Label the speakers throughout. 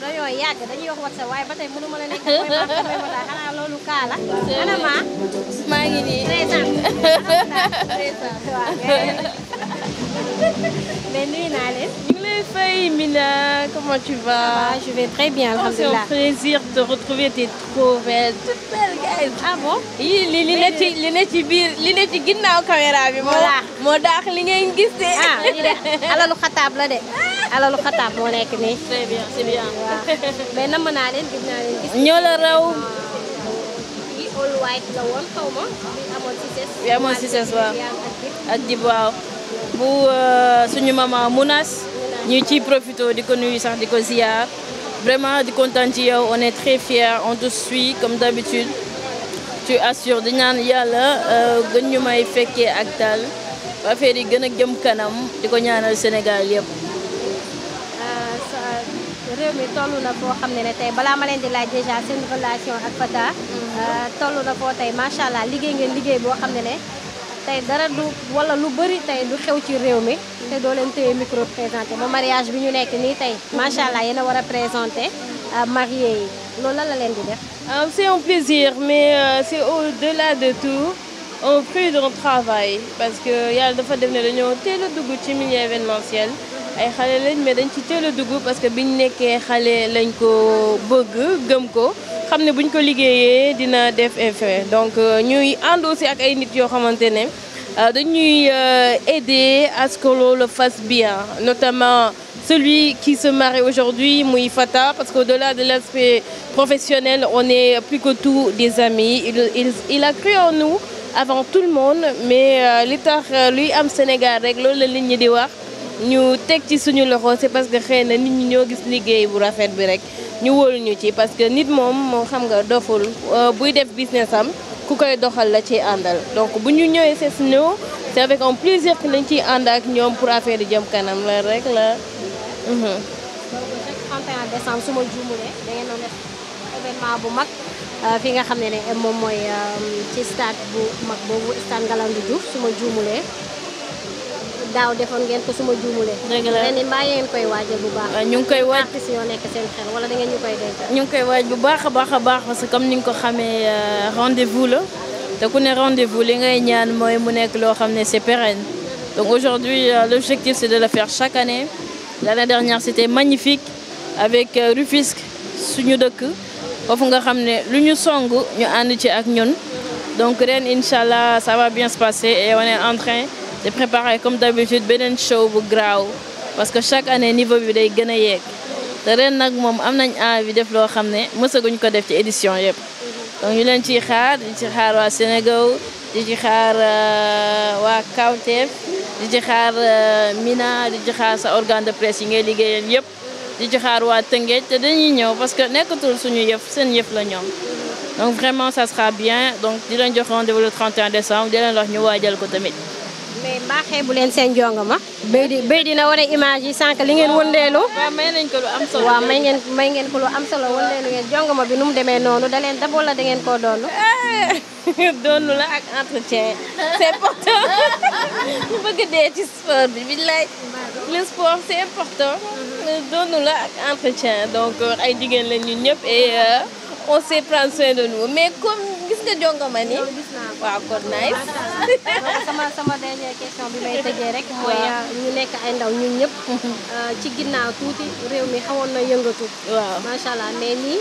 Speaker 1: dañoo yàgg dañuy wax WhatsApp waaye ba tey mënu nekk mooy ma mooy ma daal kaa la. ana ma
Speaker 2: maa ngi nii. présente présente waaw mais nuyu naa leen. ñu ngi lay fay Mina comment tu vas. je vais très bien alhamdulilah. Oh, c'est un plaisir de retrouver tes trop belle toute belle guys. ah bon. li li ne ci li ci biir li ne ci ginnaaw caméra bi. voilà moo daax li ngeen gis de. ah lii de
Speaker 1: alalu la de. alalu xataab moo nekk nii. très bien mais namm
Speaker 2: naa leen gis naa leen ñoo la raw.
Speaker 1: yi all si ses. bi
Speaker 2: ak dib waaw. bu euh, suñu maman Mounas. ñu ciy profité di ko nuyu sax di ko ziar. vraiment di kontaan ci yow on est très fiers on te suit comme d'habitude tu assures di ñaan yàlla euh, gën ñu may fekkee ak tal affaire yi gën a jëm kanam di ko ñaanal Sénégal yëpp. réew mi toll na foo
Speaker 1: xam ne ne tey balaa ma leen di laaj déjà seen relation ak Fata mhm. euh, toll na foo tey macha allah liggéey ngeen liggéey boo xam ne ne tey dara du wala lu bëri tey du xew ci réew mi te doo leen téye micro présenté ba mariage bi ñu nekk nii tey macha allah yéen a war a présenté
Speaker 2: euh, marié yi loolu la leen di def euh, c'est un plaisir mais c'est au-delà de tout un fruit d'un travail parce que yàlla dafa def ne dañoo teel a dugg ci milieu événementiel ay xale lañ mais dañ ci teel parce que biñ nekkee xale lañ ko bëgg gëm ko xam ne buñ ko liggéeyee dina def effet donc euh, ñuy ànd ak ay nit yoo xamante ne euh, dañuy euh, aider à ce que loolu fasse bien notamment celui qui se marie aujourd'hui muy Fata parce qu'au-delà de l'aspect professionnel on est plus que tout des amis il, il, il a cru nous avant tout le monde mais li tax luy am Sénégal rek loolu la nit ñi di wax ñu teg ci suñu loxo c'est parce que xëy na nit ñi ñoo gis liggéey bu rafet bi rek ñu wóolu ñu ci parce que nit moom moo xam nga doful euh, buy def business am ku koy doxal la ci àndal donc bu ñu ñëwee Cessno c'est avec un plaisir que lañ ciy ànd ak ñoom pour affaire di jëm kanam la rek la. Mhm.
Speaker 1: en décembre su ma juumulee da doon def euh, fi nga xam ne ne moom mooy euh, ci stade bu mag boobu stade Ngalandou Diouf su ma juumulee. daaw defoon ngeen
Speaker 2: ko suma juumulee. dëgg la ren
Speaker 1: mbaa bu baax. ñu ngi koy waaj yoo nekk seen wala da ngeen ñu
Speaker 2: ñu ngi koy waaj bu baax a baax a baax parce que comme ni nga ko xamee euh, rendez-vous la te ku ne rendez-vous li ngay ñaan mooy mu nekk loo xam ne c'est pérenne donc aujourd'hui euh, l'objectif c'est de le faire chaque année l'année dernière c'était magnifique avec euh, Rufisque suñu dëkk foofu nga xam ne lu ñu song ñu ànd ci ak ñun donc ren incha allah ça va bien se passer et on est di préparer comme d'habitude beneen show bu graaw parce que chaque année niveau bi day gën a yeeg te ren nag moom am nañ envie def loo xam ne mësaguñ ko def ci édition yëpp donc ñu leen ciy xaar di ci xaar waa Sénégal di ci xaar euh, waa Kawteef di ci xaar euh, Mina di ci xaar sa organe de presse yi ngay liggéeyal yëpp di ci xaar waa Tëngéej te dañuy ñëw parce que nekkatul suñu yëf seen yëf la ñoom donc vraiment ça sera bien donc di leen jox rendez-vous le 31 décembre di leen wax ñu waajal ko tamit
Speaker 1: mais mbaa xeebu leen seen jongama. béy di béy dina a image yi sànq li ngeen wëndeelu. waaw
Speaker 2: may nañ ko am solo. waaw may ngeen
Speaker 1: may ngeen ko lu am solo wëndeelu ngeen jongama bi nu mu demee noonu da leen daboo la da ngeen koo doonu. doonu
Speaker 2: la ak entretien c' est important bi billaay le sport c' est important. doonu la ak entretien donc ay jigéen la ñun ñëpp et euh, on sait prendre soin mais comme. gis nga jongama ni waaw kon nice sama
Speaker 1: sama dernière question bi may tëjee rek mooy euh, ñu nekk ay ndaw ñu ñëpp euh, ci ginnaaw tuuti réew mi xawoon na yëngatu waaw macha allah mais nii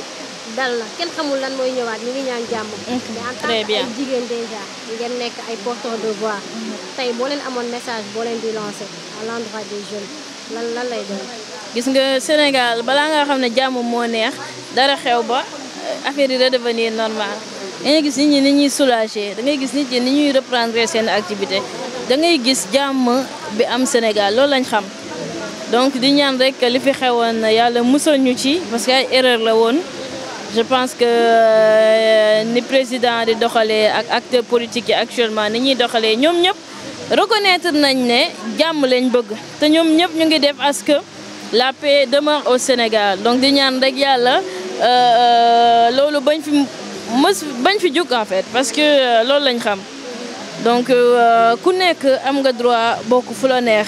Speaker 1: dal na kenn xamul lan mooy ñëwaat ñu ngi ñaan jàmm mais en tant que ay jigéen déjà ngeen nekk ay porteur de voix mm-hmm. tey boo leen amoon message boo leen di lancé à l'endroit des lan lay doon
Speaker 2: gis nga Sénégal balaa nga xam ne jàmm moo neex dara xew ba affaire yi redevenir normal da ngay gis ñi ni ñuy soulager da gis nit ñi ni ñuy reprendre seen activité da ngay gis jàmm bi am Sénégal loolu lañ xam donc di ñaan rek li fi xewoon yàlla musal ñu ci parce que ay erreur la woon je pense que euh, ni président di doxalee ak acteurs politiques yi actuellement ni ñuy doxalee ñoom ñëpp reconnaître nañ ne jàmm lañ bëgg te ñoom ñëpp ñu ngi def à que la paix demeure au Sénégal donc di ñaan rek yàlla euh, euh, loolu bañ fi mës bañ fi jóg en fait parce que euh, loolu lañ xam donc euh, ku nekk am nga droit bokk fu la neex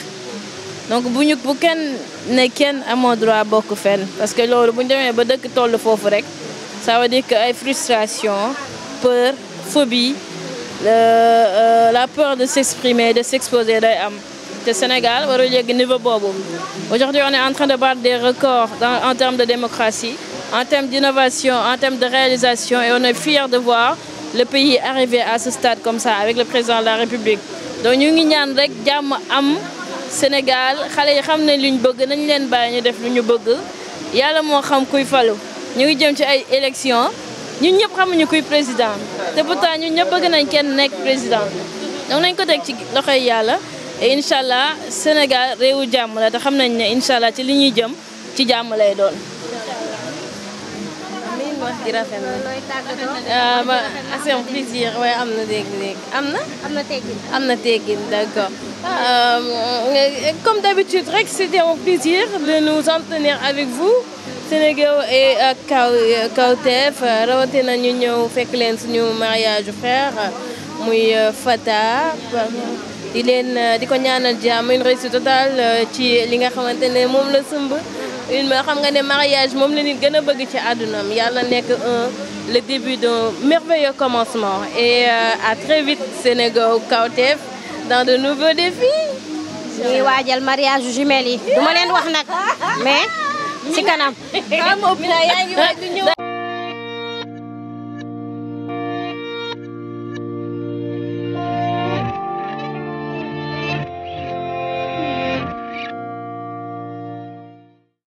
Speaker 2: donc bu ñu bu kenn ne kenn amoo droit bokk fenn parce que loolu bu ñu demee ba dëkk toll foofu rek ça veut dire que ay frustration peur phobie euh, la peur de s'exprimer de s'exposer day am te Sénégal warul yegg niveau boobu aujourd'hui on est en train de battre des records en termes de démocratie en termes d'innovation, en termes de réalisation. Et on est fiers de voir le pays arriver à ce stade comme ça avec le président de la République. Donc ñu ngi ñaan rek jàmm am Sénégal xale yi xam ne luñ bëgg nañ leen bàyyi ñu def lu ñu bëgg yàlla moo xam kuy falu ñu ngi jëm ci ay élection ñun ñëpp xamuñu kuy président te pourtant ñu ñëpp bëgg nañ kenn nekk président donc nañ ko teg ci loxoy yàlla et incha Sénégal réewu jàmm la te xam nañ ne incha allah ci li ñuy jëm ci jàmm lay doon wax ji rafet na looy tàggatoo ma am na dégg am na. am na teggin am na teggin d'accord. Euh, comme d'habitude rek c'était un plaisir de nous entretenir avec vous. Sénégal et euh, kaw euh, Kawtef na ñu ñëw fekk leen suñu mariage frère muy Fata di leen di ko ñaanal jàmm une réussite totale ci li nga xamante ne moom la sëmb. une mère xam nga ne mariage moom la nit gën a bëgg ci àddunaam yàlla nekk un le début d'un merveilleux commencement et euh, à très vite Sénégal Kawtef dans de nouveaux défis. ñuy waajal
Speaker 1: mariage jumelles yi. du ma wax nag mais ci kanam. Ah,